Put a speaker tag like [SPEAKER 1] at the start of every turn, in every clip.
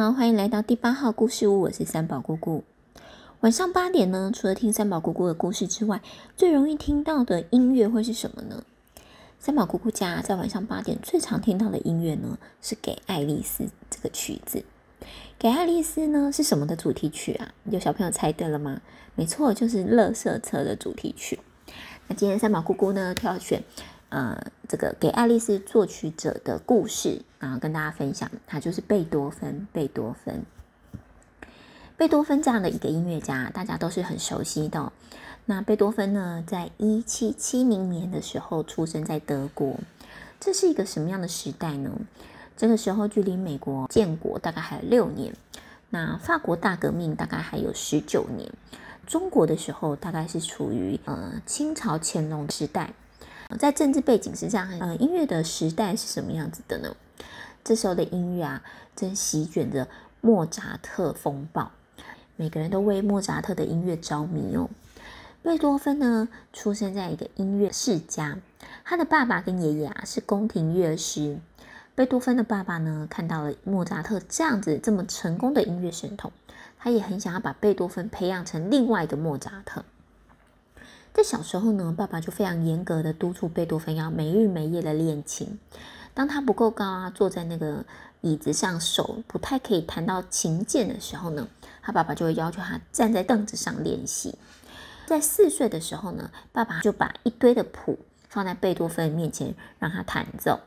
[SPEAKER 1] 好，歡迎來到第八號故事屋，我是三寶姑姑。晚上八點呢，除了聽三寶姑姑的故事之外，最容易聽到的音樂會是什麼呢？三寶姑姑家在晚上八點最常聽到的音樂呢，是給《給愛麗絲》這個曲子。《給愛麗絲》呢，是什麼的主題曲啊？有小朋友猜對了嗎？沒錯，就是《垃圾車》的主題曲。那今天三寶姑姑呢，挑選。呃，這個給愛麗絲作曲者的故事，然後跟大家分享，他就是貝多芬。貝多芬，貝多芬這樣的一個音樂家，大家都是很熟悉的哦。那貝多芬呢，在一七七零年的時候出生在德國，這是一個什麼樣的時代呢？這個時候距離美國建國大概還有六年，那法國大革命大概還有十九年，中國的時候大概是處於呃清朝乾隆時代。在政治背景是這樣，呃，音樂的時代是什麼樣子的呢？這時候的音樂啊，正席捲着莫扎特風暴，每個人都為莫扎特的音樂着迷哦。貝多芬呢，出生在一個音樂世家，他的爸爸跟爺爺啊是宮廷樂師。貝多芬的爸爸呢，看到了莫扎特這樣子這麼成功的音樂神童，他也很想要把貝多芬培養成另外一個莫扎特。在小時候呢，爸爸就非常嚴格的督促貝多芬要每日每夜的練琴。當他不夠高啊，坐在那個椅子上手不太可以彈到琴鍵的時候呢，他爸爸就會要求他站在凳子上練習。在四歲的時候呢，爸爸就把一堆的譜放在貝多芬面前讓他彈奏。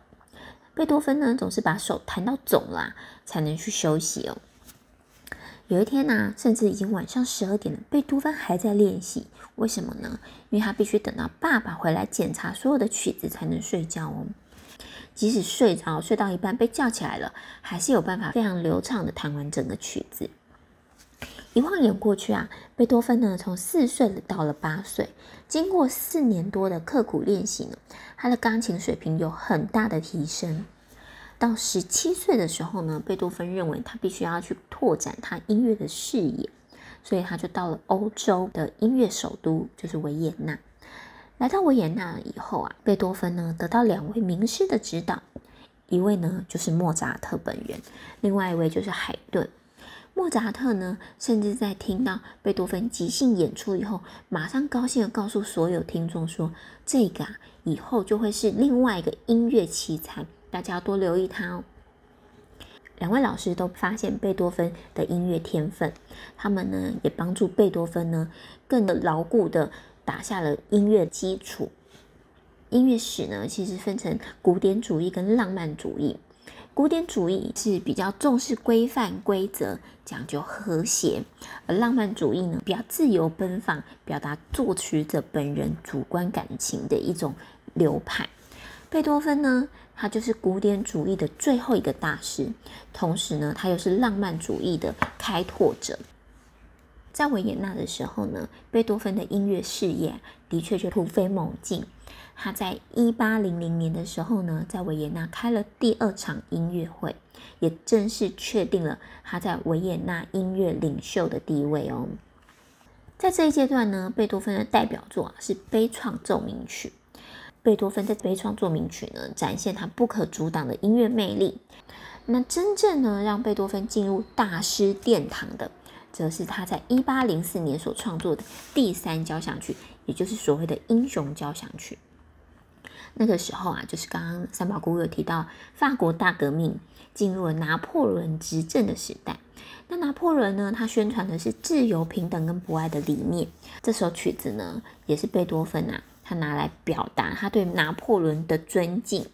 [SPEAKER 1] 貝多芬呢，總是把手彈到腫了才能去休息哦。有一天呢啊，甚至已經晚上十二點了，貝多芬還在練習。為什麼呢？因為他必須等到爸爸回來檢查所有的曲子才能睡覺哦。即使睡着睡到一半被叫起來了，還是有辦法非常流暢的彈完整個曲子。一晃眼過去啊，貝多芬呢，從四歲到了八歲，經過四年多的刻苦練習呢，他的鋼琴水平有很大的提升。到十七歲的時候呢，貝多芬認為他必須要去拓展他音樂的視野，所以他就到了歐洲的音樂首都，就是維也納。來到維也納以後啊，貝多芬呢得到兩位名師的指導，一位呢就是莫扎特本人，另外一位就是海頓。莫扎特呢甚至在聽到貝多芬即興演出以後，馬上高興的告訴所有聽眾說：“這個啊，以後就會是另外一個音樂奇才。”大家要多留意他哦。兩位老師都發現貝多芬的音樂天分，他們呢也幫助貝多芬呢，更的牢固的打下了音樂基礎。音樂史呢其實分成古典主義跟浪漫主義。古典主義是比較重視規範規則，講究和諧；而浪漫主義呢比較自由奔放，表達作曲者本人主觀感情的一種流派。貝多芬呢，他就是古典主義的最後一個大師，同時呢，他又是浪漫主義的開拓者。在維也納的時候呢，貝多芬的音樂事業的確就突飛猛進。他在一八零零年的時候呢，在維也納開了第二場音樂會，也正式確定了他在維也納音樂領袖的地位哦。在這一階段呢，貝多芬的代表作啊是《悲愴奏鳴曲》。貝多芬在《悲創作名曲呢，展現他不可阻擋的音樂魅力。那真正呢，讓貝多芬進入大師殿堂的，則是他在一八零四年所創作的第三交響曲，也就是所謂的英雄交響曲。那個時候啊，就是剛剛三寶菇菇有提到，法國大革命進入了拿破崙執政的時代。那拿破崙呢，他宣傳的是自由、平等跟博愛的理念。這首曲子呢，也是貝多芬啊。他拿來表達他對拿破崙的尊敬。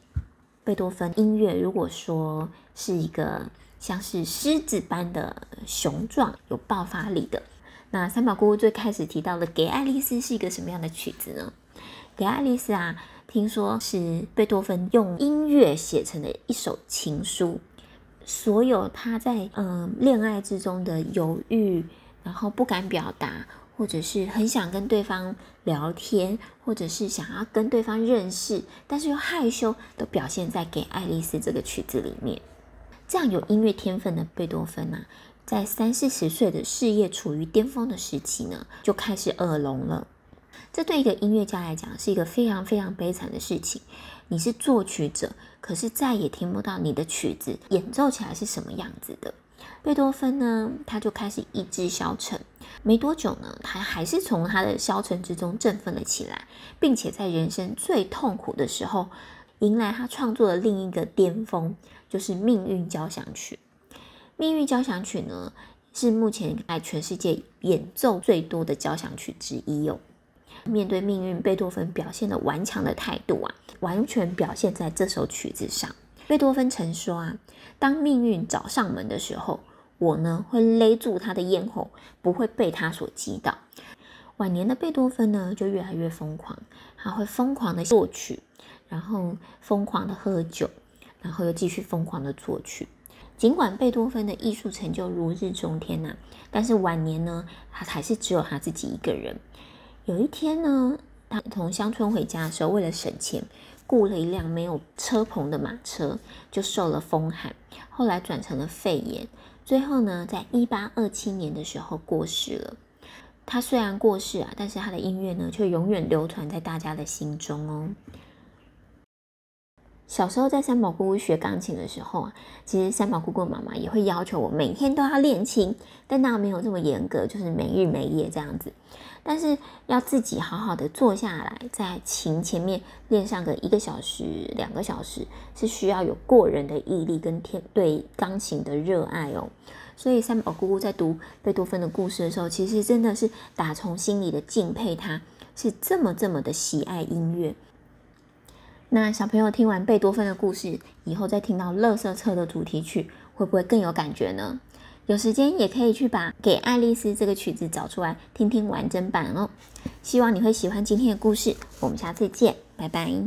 [SPEAKER 1] 貝多芬音樂如果說是一個像是獅子般的雄壯、有爆發力的，那三寶菇菇最開始提到的《給愛麗絲》是一個什麼樣的曲子呢？《給愛麗絲》啊，聽說是貝多芬用音樂寫成的一首情書，所有他在嗯戀愛之中的猶豫，然後不敢表達。或者是很想跟對方聊天，或者是想要跟對方認識，但是又害羞，都表現在給愛麗絲這個曲子裡面。這樣有音樂天分的貝多芬呢、啊，在三四十歲的事業處於巔峰的時期呢，就開始耳聾了。這對一個音樂家來講是一個非常非常悲慘的事情。你是作曲者，可是再也聽不到你的曲子演奏起來是什麼樣子的。貝多芬呢，他就開始意志消沉，沒多久呢，他還是從他的消沉之中振奮了起來，並且在人生最痛苦的時候，迎來他創作的另一個巔峰，就是《命運交響曲》。《命運交響曲》呢，是目前在全世界演奏最多的交響曲之一哦。面對命運，貝多芬表現得頑強的態度啊，完全表現在這首曲子上。貝多芬曾說：“啊，當命運找上門的時候，我呢，會勒住他的咽喉，不會被他所擊倒。”晚年的貝多芬呢，就越來越瘋狂，他會瘋狂的作曲，然後瘋狂的喝酒，然後又繼續瘋狂的作曲。儘管貝多芬的藝術成就如日中天吶啊，但是晚年呢，他還是只有他自己一個人。有一天呢，他從鄉村回家的時候，為了省錢，僱了一輛沒有車棚的馬車，就受了風寒，後來轉成了肺炎，最後呢，在一八二七年的時候過世了。他雖然過世啊，但是他的音樂呢，卻永遠流傳在大家的心中哦。小時候在三寶姑姑學鋼琴的時候啊，其實三寶姑姑媽媽也會要求我每天都要練琴，但那沒有這麼嚴格，就是每日每夜這樣子。但是要自己好好的坐下來，在琴前面練上個一個小時、兩個小時，是需要有過人的毅力跟天對鋼琴的熱愛哦、喔。所以三寶姑姑在讀貝多芬的故事的時候，其實真的是打從心裡的敬佩他，她是這麼這麼的喜愛音樂。那小朋友聽完貝多芬的故事以後，再聽到垃圾車的主題曲，會不會更有感覺呢？有時間也可以去把《給愛麗絲》這個曲子找出來聽聽完整版哦。希望你會喜歡今天的故事，我們下次見，拜拜。